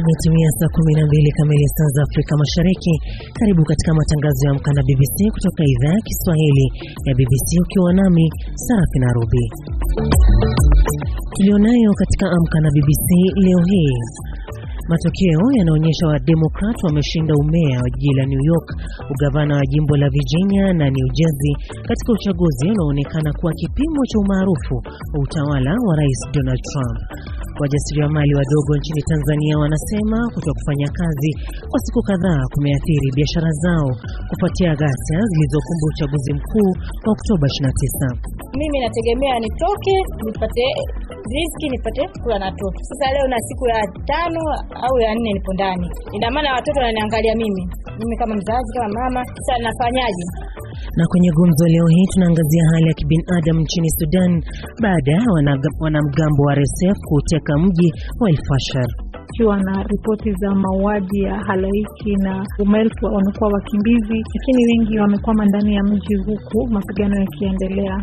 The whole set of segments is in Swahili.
Imetimia saa 12 kamili saa za Afrika Mashariki. Karibu katika matangazo ya Amka na BBC kutoka idhaa ya Kiswahili ya BBC, ukiwa nami Sarafi Narubi. Tulionayo katika Amka na BBC leo hii Matokeo yanaonyesha Wademokrat wameshinda umea wa jiji la New York, ugavana wa jimbo la Virginia na New Jersey katika uchaguzi unaoonekana kuwa kipimo cha umaarufu wa utawala wa Rais Donald Trump. Wajasiriamali wadogo nchini Tanzania wanasema kuto kufanya kazi kwa siku kadhaa kumeathiri biashara zao kufuatia ghasia zilizokumba uchaguzi mkuu wa Oktoba 29. Mimi nategemea nitoke nipate riziki nipate kula na watoto. Sasa leo na siku ya tano au ya nne nipo ndani, ina maana watoto wananiangalia mimi, mimi kama mzazi, kama mama, sasa nafanyaje? Na kwenye gumzo leo hii tunaangazia hali ya kibinadamu nchini Sudan baada ya wanamgambo wa RSF kuteka mji wa El Fasher kiwa na ripoti za mauaji ya halaiki na umelfu wamekuwa wakimbizi, lakini wengi wamekwama ndani ya mji huku mapigano yakiendelea.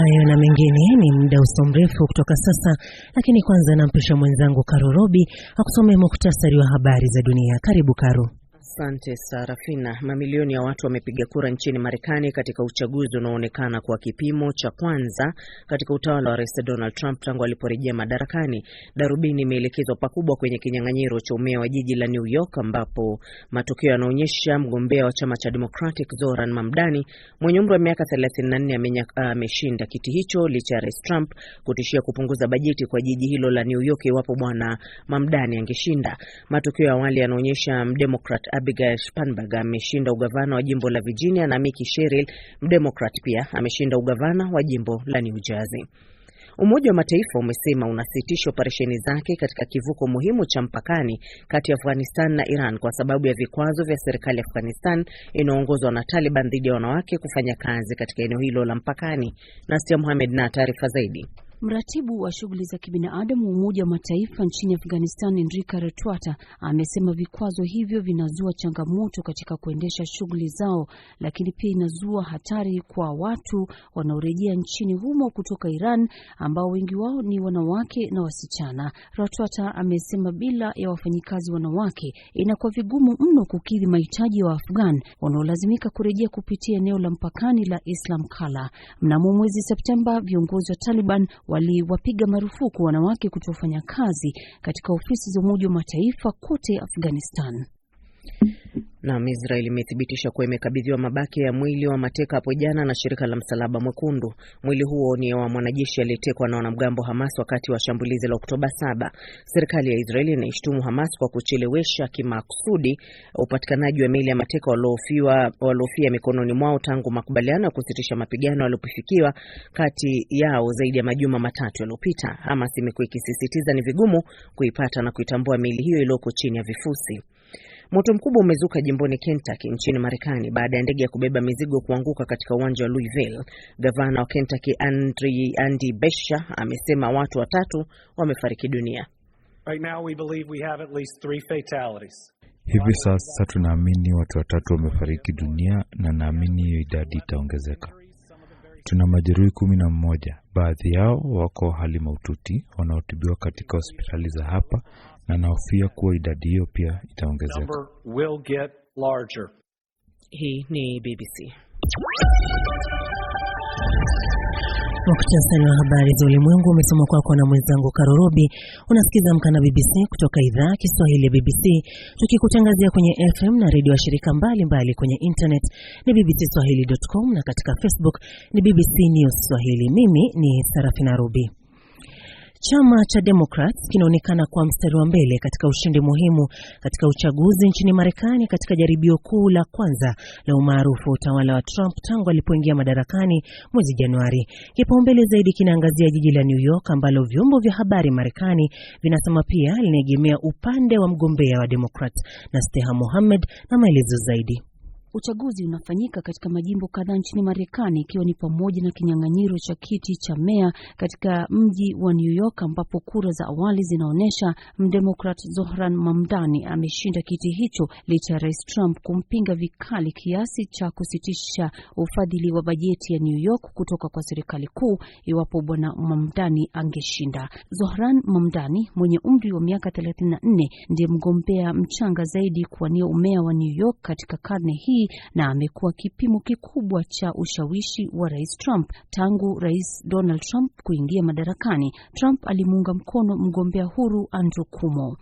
Hayo na mengine ni muda usio mrefu kutoka sasa, lakini kwanza nampisha mwenzangu Karo Robi akusomee muhtasari wa habari za dunia. Karibu Karo. Asante Sarafina. Mamilioni ya watu wamepiga kura nchini Marekani katika uchaguzi unaoonekana kwa kipimo cha kwanza katika utawala wa Rais Donald Trump tangu aliporejea madarakani. Darubini imeelekezwa pakubwa kwenye kinyang'anyiro cha umea wa jiji la New York ambapo matokeo yanaonyesha mgombea wa chama cha Democratic Zoran Mamdani mwenye umri wa miaka 34 ameshinda kiti hicho licha ya Rais Trump kutishia kupunguza bajeti kwa jiji hilo la New York iwapo bwana Mamdani angeshinda. Matokeo ya awali yanaonyesha Mdemokrat Abigail Spanberg ameshinda ugavana wa jimbo la Virginia na Mickey Sherrill mdemokrat pia ameshinda ugavana wa jimbo la New Jersey. Umoja wa Mataifa umesema unasitisha operesheni zake katika kivuko muhimu cha mpakani kati ya Afghanistan na Iran kwa sababu ya vikwazo vya serikali ya Afghanistan inayoongozwa na Taliban dhidi ya wanawake kufanya kazi katika eneo hilo la mpakani. Nasia Mohamed na taarifa zaidi. Mratibu wa shughuli za kibinadamu wa Umoja wa Mataifa nchini Afghanistan, Enrika Retwata, amesema vikwazo hivyo vinazua changamoto katika kuendesha shughuli zao, lakini pia inazua hatari kwa watu wanaorejea nchini humo kutoka Iran, ambao wengi wao ni wanawake na wasichana. Retwata amesema bila ya wafanyikazi wanawake inakuwa vigumu mno kukidhi mahitaji ya wa Waafghan wanaolazimika kurejea kupitia eneo la mpakani la Islam Kala. Mnamo mwezi Septemba, viongozi wa Taliban waliwapiga marufuku wanawake kutofanya kazi katika ofisi za Umoja wa Mataifa kote Afghanistan. Naam, Israel imethibitisha kuwa imekabidhiwa mabaki ya mwili wa mateka hapo jana na shirika la Msalaba Mwekundu. Mwili huo ni wa mwanajeshi aliyetekwa na wanamgambo Hamas wakati wa shambulizi la Oktoba saba. Serikali ya Israeli inaishtumu Hamas kwa kuchelewesha kimakusudi upatikanaji wa miili ya mateka waliofia mikononi mwao tangu makubaliano ya kusitisha mapigano yalipofikiwa kati yao zaidi ya majuma matatu yaliyopita. Hamas imekuwa ikisisitiza ni vigumu kuipata na kuitambua miili hiyo iliyoko chini ya vifusi. Moto mkubwa umezuka jimboni Kentucky nchini Marekani baada ya ndege ya kubeba mizigo kuanguka katika uwanja wa Louisville. Gavana wa Kentucky Andri, Andy Besha amesema watu watatu wamefariki dunia. Right now we believe we have at least three fatalities. Hivi sasa tunaamini watu watatu wamefariki dunia na naamini hiyo idadi itaongezeka. Tuna majeruhi kumi na mmoja, baadhi yao wako hali maututi wanaotibiwa katika hospitali za hapa, na anahofia kuwa idadi hiyo pia itaongezeka. Hii ni BBC muktasari wa habari za ulimwengu umesoma kwako na mwenzangu Karorobi. Unasikiza Amka na BBC kutoka idhaa Kiswahili ya BBC, tukikutangazia kwenye FM na redio ya shirika mbalimbali mbali. Kwenye internet ni bbcswahili.com na katika Facebook ni BBC News Swahili. Mimi ni Sarafina Rubi. Chama cha Democrats kinaonekana kwa mstari wa mbele katika ushindi muhimu katika uchaguzi nchini Marekani katika jaribio kuu la kwanza la umaarufu wa utawala wa Trump tangu alipoingia madarakani mwezi Januari. Kipaumbele zaidi kinaangazia jiji la New York ambalo vyombo vya habari Marekani vinasema pia linaegemea upande wa mgombea wa Democrat Nasteha Mohammed na maelezo zaidi Uchaguzi unafanyika katika majimbo kadhaa nchini Marekani, ikiwa ni pamoja na kinyang'anyiro cha kiti cha meya katika mji wa New York, ambapo kura za awali zinaonyesha mdemokrat Zohran Mamdani ameshinda kiti hicho licha ya rais Trump kumpinga vikali kiasi cha kusitisha ufadhili wa bajeti ya New York kutoka kwa serikali kuu iwapo bwana Mamdani angeshinda. Zohran Mamdani mwenye umri wa miaka 34 ndiye mgombea mchanga zaidi kuwania umea wa New York katika karne hii hii na amekuwa kipimo kikubwa cha ushawishi wa Rais Trump tangu Rais Donald Trump kuingia madarakani. Trump alimuunga mkono mgombea huru Andrew Cuomo.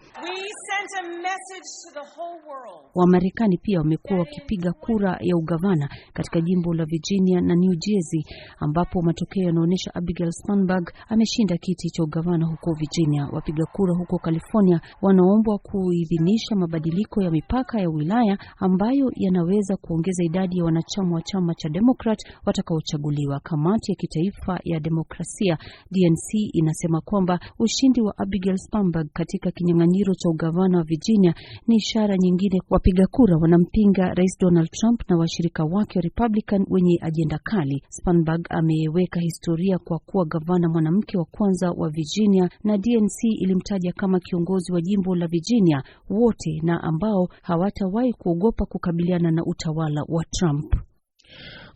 Wamarekani pia wamekuwa wakipiga kura ya ugavana katika jimbo la Virginia na New Jersey, ambapo matokeo yanaonyesha Abigail Spanberg ameshinda kiti cha ugavana huko Virginia. Wapiga kura huko California wanaombwa kuidhinisha mabadiliko ya mipaka ya wilaya ambayo yanaweza kuongeza idadi ya wanachama wa chama cha demokrat watakaochaguliwa. Kamati ya kitaifa ya demokrasia DNC inasema kwamba ushindi wa Abigail Spanberg katika kinyang'anyiro cha ugavana wa Virginia ni ishara nyingine wapiga kura wanampinga Rais Donald Trump na washirika wake wa Republican wenye ajenda kali. Spanberg ameweka historia kwa kuwa gavana mwanamke wa kwanza wa Virginia na DNC ilimtaja kama kiongozi wa jimbo la Virginia wote na ambao hawatawahi kuogopa kukabiliana na utawala wa Trump.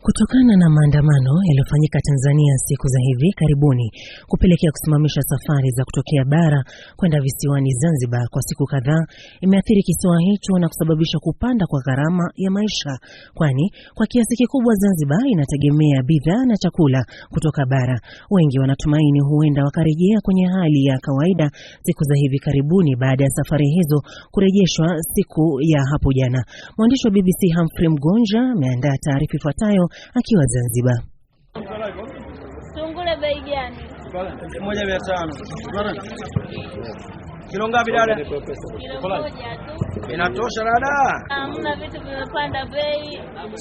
Kutokana na maandamano yaliyofanyika Tanzania siku za hivi karibuni kupelekea kusimamisha safari za kutokea bara kwenda visiwani Zanzibar kwa siku kadhaa, imeathiri kisiwa hicho na kusababisha kupanda kwa gharama ya maisha, kwani kwa kiasi kikubwa Zanzibar inategemea bidhaa na chakula kutoka bara. Wengi wanatumaini huenda wakarejea kwenye hali ya kawaida siku za hivi karibuni baada ya safari hizo kurejeshwa siku ya hapo jana. Mwandishi wa BBC Humphrey Mgonja ameandaa taarifa ifuatayo akiwa Zanzibar. Sungura bei gani? Moja mia tano. Kilo ngapi dada? Kilo moja tu. Inatosha dada? Hamna, vitu vimepanda bei.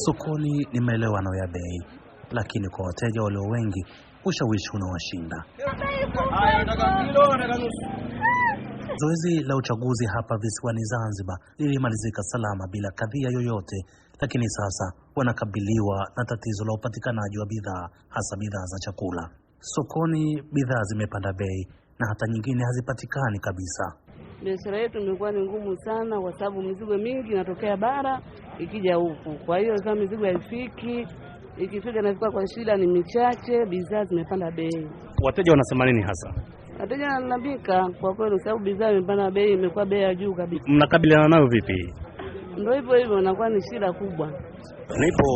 Sokoni ni maelewano ya bei, lakini kwa wateja walio wengi ushawishi unawashinda. Zoezi la uchaguzi hapa visiwani Zanzibar lilimalizika salama bila kadhia yoyote, lakini sasa wanakabiliwa na tatizo la upatikanaji wa bidhaa, hasa bidhaa za chakula. Sokoni bidhaa zimepanda bei na hata nyingine hazipatikani kabisa. Biashara yetu imekuwa ni ngumu sana, kwa sababu mizigo mingi inatokea bara ikija huku. Kwa hiyo kama mizigo haifiki, ikifika inafika kwa shida, ni michache. Bidhaa zimepanda bei. Wateja wanasema nini hasa? wateja wanalalamika kwa kweli, sababu bidhaa imepanda bei, imekuwa bei ya juu kabisa. Mnakabiliana nayo vipi? Ndio hivyo hivyo, inakuwa ni shida kubwa. Nipo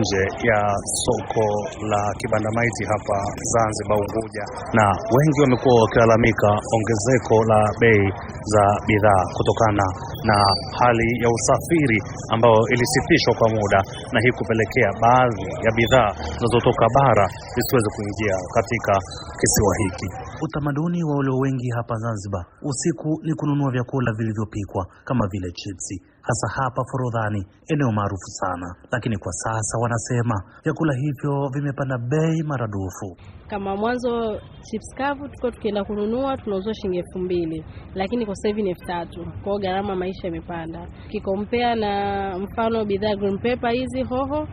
nje ya soko la kibanda maiti hapa Zanzibar, Unguja, na wengi wamekuwa wakilalamika ongezeko la bei za bidhaa kutokana na hali ya usafiri ambayo ilisitishwa kwa muda, na hii kupelekea baadhi ya bidhaa zinazotoka bara zisiweze kuingia katika kisiwa hiki. Utamaduni wa walio wengi hapa Zanzibar usiku ni kununua vyakula vilivyopikwa kama vile chipsi hasa hapa Forodhani, eneo maarufu sana, lakini kwa sasa wanasema vyakula hivyo vimepanda bei maradufu. Kama mwanzo chips kavu tuko tukienda kununua tunauzwa shilingi elfu mbili lakini kwa sasa hivi ni elfu tatu Kwao gharama maisha imepanda, Kikompea na mfano bidhaa green pepper hizi hoho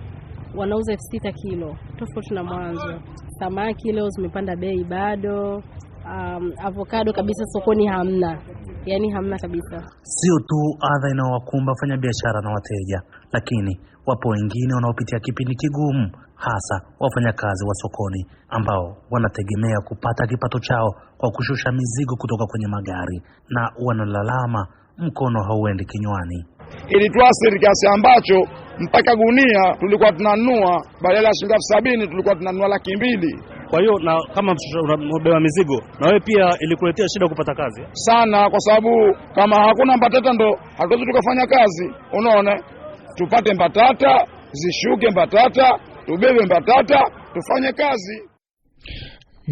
wanauza elfu sita kilo, tofauti na mwanzo. Samaki leo zimepanda bei bado. Um, avocado kabisa sokoni hamna, yani hamna kabisa. Sio tu adha inayowakumba wafanya biashara na wateja, lakini wapo wengine wanaopitia kipindi kigumu, hasa wafanyakazi wa sokoni ambao wanategemea kupata kipato chao kwa kushusha mizigo kutoka kwenye magari na wanalalama mkono hauendi kinywani. Ilituathiri kiasi ambacho mpaka gunia tulikuwa tunanunua badala ya shilingi elfu sabini tulikuwa tunanunua laki mbili. Kwa hiyo na kama unabeba mizigo, na wewe pia ilikuletea shida kupata kazi sana, kwa sababu kama hakuna mbatata ndo hatuwezi tukafanya kazi. Unaona, tupate mbatata, zishuke mbatata, tubebe mbatata, tufanye kazi.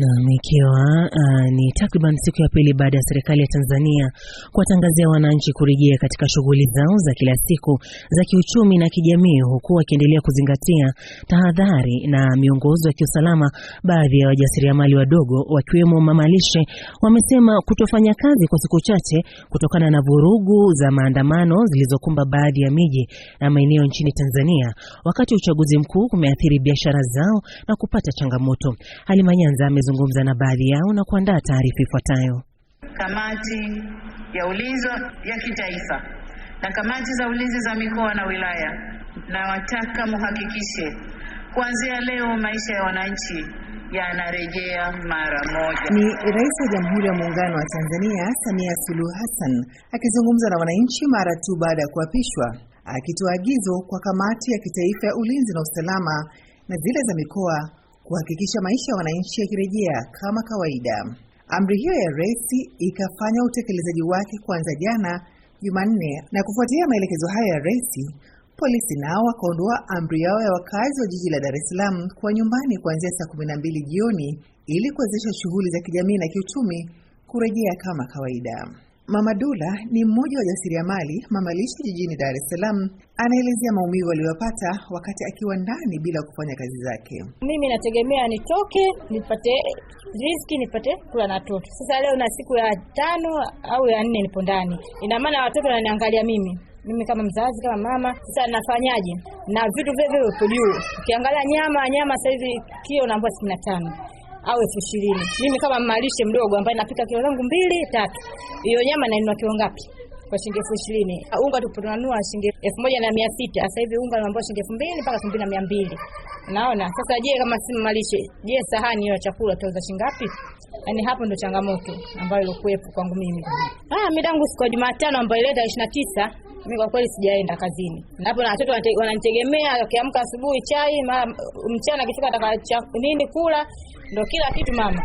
Nam, ikiwa uh, ah, ni takriban siku ya pili baada ya serikali ya Tanzania kuwatangazia wananchi kurejea katika shughuli zao za kila siku za kiuchumi na kijamii, huku wakiendelea kuzingatia tahadhari na miongozo ya kiusalama, baadhi ya wajasiriamali wadogo wakiwemo mamalishe wamesema kutofanya kazi kwa siku chache kutokana na vurugu za maandamano zilizokumba baadhi ya miji na maeneo nchini Tanzania, wakati uchaguzi mkuu kumeathiri biashara zao na kupata changamoto. Halima Nyanza amezungumza na baadhi yao na kuandaa taarifa ifuatayo. Kamati ya ulinzi ya kitaifa na kamati za ulinzi za mikoa na wilaya, nawataka muhakikishe kuanzia leo maisha ya wananchi yanarejea mara moja. Ni Rais wa Jamhuri ya Muungano wa Tanzania Samia Suluhu Hassan akizungumza na wananchi mara tu baada ya kuapishwa, akitoa agizo kwa kamati ya kitaifa ya ulinzi na usalama na zile za mikoa kuhakikisha maisha ya wananchi yakirejea kama kawaida. Amri hiyo ya rais ikafanya utekelezaji wake kuanza jana Jumanne, na kufuatia maelekezo hayo ya rais, polisi nao wakaondoa amri yao ya wakazi wa jiji la Dar es Salaam kuwa nyumbani kuanzia saa kumi na mbili jioni ili kuwezesha shughuli za kijamii na kiuchumi kurejea kama kawaida. Mama Dula ni mmoja wa jasiriamali mamalishi jijini Dar es Salaam, anaelezea maumivu aliyopata wakati akiwa ndani bila kufanya kazi zake. Mimi nategemea nitoke nipate riziki, nipate kula na watoto. Sasa leo na siku ya tano au ya nne nipo ndani, ina maana watoto wananiangalia mimi mimi kama mzazi kama mama, sasa nafanyaje? Na vitu vile vile uko juu, ukiangalia nyama nyama sasa hivi kio namba sitini na tano au elfu ishirini. Mimi kama mmalishe mdogo ambaye napika kilo zangu mbili tatu, hiyo nyama nainunua kilo ngapi? Kwa shilingi elfu ishirini. Ah, unga tuponanua shilingi elfu moja na mia sita. Sasa hivi unga unaambia shilingi elfu mbili mpaka elfu mbili na mia mbili. Unaona? Sasa je, kama si mmalishe, je, sahani hiyo ya chakula tutauza shilingi ngapi? Yaani hapo ndo changamoto ambayo ilikuwepo kwangu mimi. Ah, midangu siku ya Jumatano ambayo ileta 29 mimi kwa kweli sijaenda kazini, napo na watoto wananitegemea, akiamka asubuhi chai, mara mchana akifika atakacha nini kula, ndo kila kitu mama.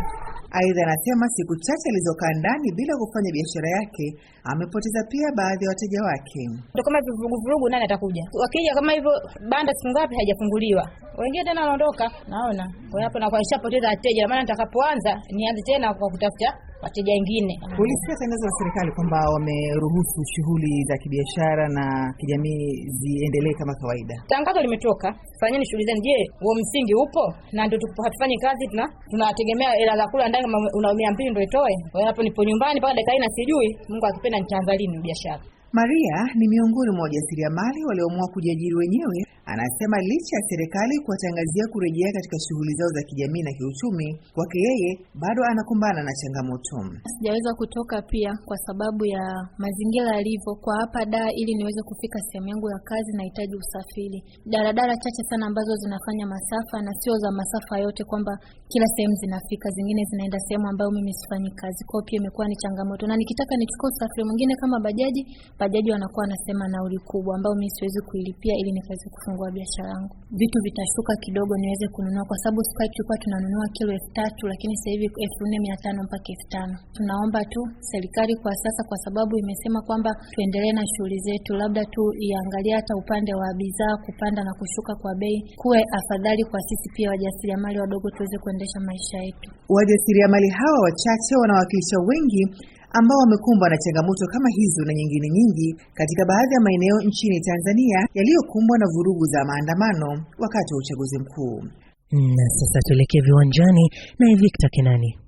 Aidha, anasema siku chache alizokaa ndani bila kufanya biashara yake amepoteza pia baadhi ya wateja wake. Ndio kama hivyo vurugu, nani atakuja? Wakija kama hivyo, banda siku ngapi haijafunguliwa, wengine tena wanaondoka. Naona kwa hapo na kwa ishapoteza wateja, maana nitakapoanza nianze tena kwa kutafuta wateja wengine. Ulisikia tangazo la serikali kwamba wameruhusu shughuli za kibiashara na kijamii ziendelee kama kawaida. Tangazo limetoka, fanyeni shughuli zenu. Je, huo msingi upo? Na ndio hatufanyi kazi, tuna tunategemea hela za kula ndani, una mia mbili ndio itoe. Hapo nipo nyumbani mpaka dakika hii na sijui Mungu akipenda nitaanza lini biashara. Maria ni miongoni mwa wajasiriamali walioamua kujiajiri wenyewe Anasema licha ya serikali kuwatangazia kurejea katika shughuli zao za kijamii na kiuchumi, kwake yeye bado anakumbana na changamoto. Sijaweza kutoka pia kwa sababu ya mazingira yalivyo kwa hapa daa Ili niweze kufika sehemu yangu ya kazi, nahitaji usafiri, daladala chache sana ambazo zinafanya masafa na sio za masafa yote, kwamba kila sehemu zinafika, zingine zinaenda sehemu ambayo mimi sifanyi kazi. Kwao pia imekuwa ni changamoto, na nikitaka nichukue usafiri mwingine kama bajaji, bajaji wanakuwa wanasema nauli kubwa ambayo mimi siwezi kuilipia ili nikaweze kufanya kufungua biashara yangu, vitu vitashuka kidogo niweze kununua, kwa sababu sukari tulikuwa tunanunua kilo elfu tatu lakini sasa hivi elfu nne mia tano mpaka elfu tano Tunaomba tu serikali kwa sasa, kwa sababu imesema kwamba tuendelee na shughuli zetu, labda tu iangalie hata upande wa bidhaa kupanda na kushuka kwa bei kuwe afadhali kwa sisi pia wajasiriamali wadogo tuweze kuendesha maisha yetu. Wajasiriamali hawa wachache wanawakilisha wengi ambao wamekumbwa na changamoto kama hizo na nyingine nyingi katika baadhi ya maeneo nchini Tanzania yaliyokumbwa na vurugu za maandamano wakati wa uchaguzi mkuu. Na sasa tuelekee viwanjani naye Victor Kenani.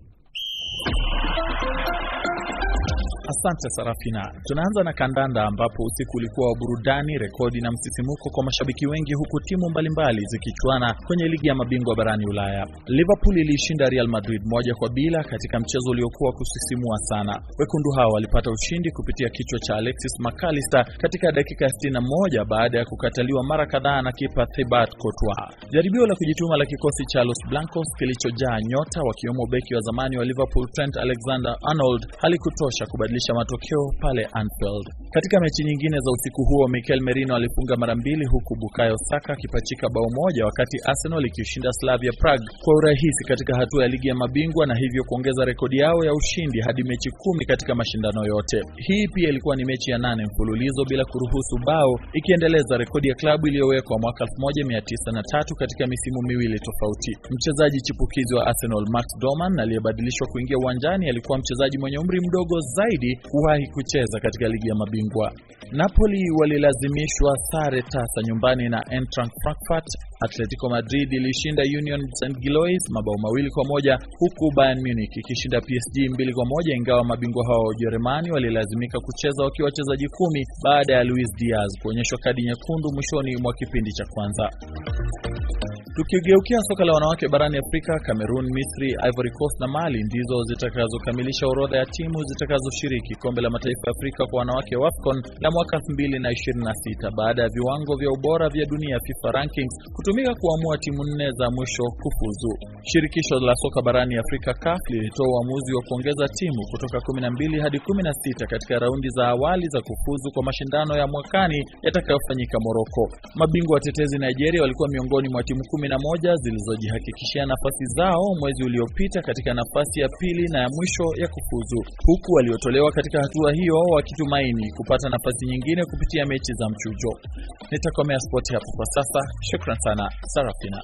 Asante Sarafina. Tunaanza na kandanda ambapo usiku ulikuwa wa burudani, rekodi na msisimuko kwa mashabiki wengi, huku timu mbalimbali zikichuana kwenye ligi ya mabingwa barani Ulaya. Liverpool iliishinda Real Madrid moja kwa bila katika mchezo uliokuwa kusisimua sana. Wekundu hao walipata ushindi kupitia kichwa cha Alexis McAllister katika dakika moja baada ya kukataliwa mara kadhaa na kipa Thibaut Courtois. Jaribio la kujituma la kikosi cha Los Blancos kilichojaa nyota wakiwemo beki wa zamani wa Liverpool Trent Alexander-Arnold halikutosha kubadili kubadilisha matokeo pale Anfield. Katika mechi nyingine za usiku huo, Mikel Merino alifunga mara mbili huku Bukayo Saka akipachika bao moja, wakati Arsenal ikishinda Slavia Prague kwa urahisi katika hatua ya ligi ya mabingwa na hivyo kuongeza rekodi yao ya ushindi hadi mechi kumi katika mashindano yote. Hii pia ilikuwa ni mechi ya nane mfululizo bila kuruhusu bao, ikiendeleza rekodi ya klabu iliyowekwa mwaka 1993 katika misimu miwili tofauti. Mchezaji chipukizi wa Arsenal Max Doman aliyebadilishwa kuingia uwanjani alikuwa mchezaji mwenye umri mdogo zaidi zaidi kuwahi kucheza katika ligi ya mabingwa. Napoli walilazimishwa sare tasa nyumbani na Eintracht Frankfurt. Atletico Madrid ilishinda Union St Gilois mabao mawili kwa moja huku Bayern Munich ikishinda PSG mbili kwa moja ingawa mabingwa hao wa Ujerumani walilazimika kucheza wakiwa wachezaji kumi baada ya Luis Diaz kuonyeshwa kadi nyekundu mwishoni mwa kipindi cha kwanza. Tukigeukia soka la wanawake barani Afrika, Cameroon, Misri, Ivory Coast na Mali ndizo zitakazokamilisha orodha ya timu zitakazoshiriki kombe la mataifa ya Afrika kwa wanawake WAFCON la mwaka 2026 baada ya viwango vya ubora vya dunia FIFA rankings kutumika kuamua timu nne za mwisho kufuzu. Shirikisho la soka barani Afrika CAF lilitoa uamuzi wa kuongeza timu kutoka 12 hadi 16 katika raundi za awali za kufuzu kwa mashindano ya mwakani yatakayofanyika Moroko. Mabingwa watetezi Nigeria walikuwa miongoni mwa timu 11 zilizojihakikishia nafasi zao mwezi uliopita katika nafasi ya pili na ya mwisho ya kufuzu, huku waliotolewa katika hatua hiyo wakitumaini kupata nafasi nyingine kupitia mechi za mchujo. Nitakomea spoti hapo kwa sasa. Shukran sana Sarafina.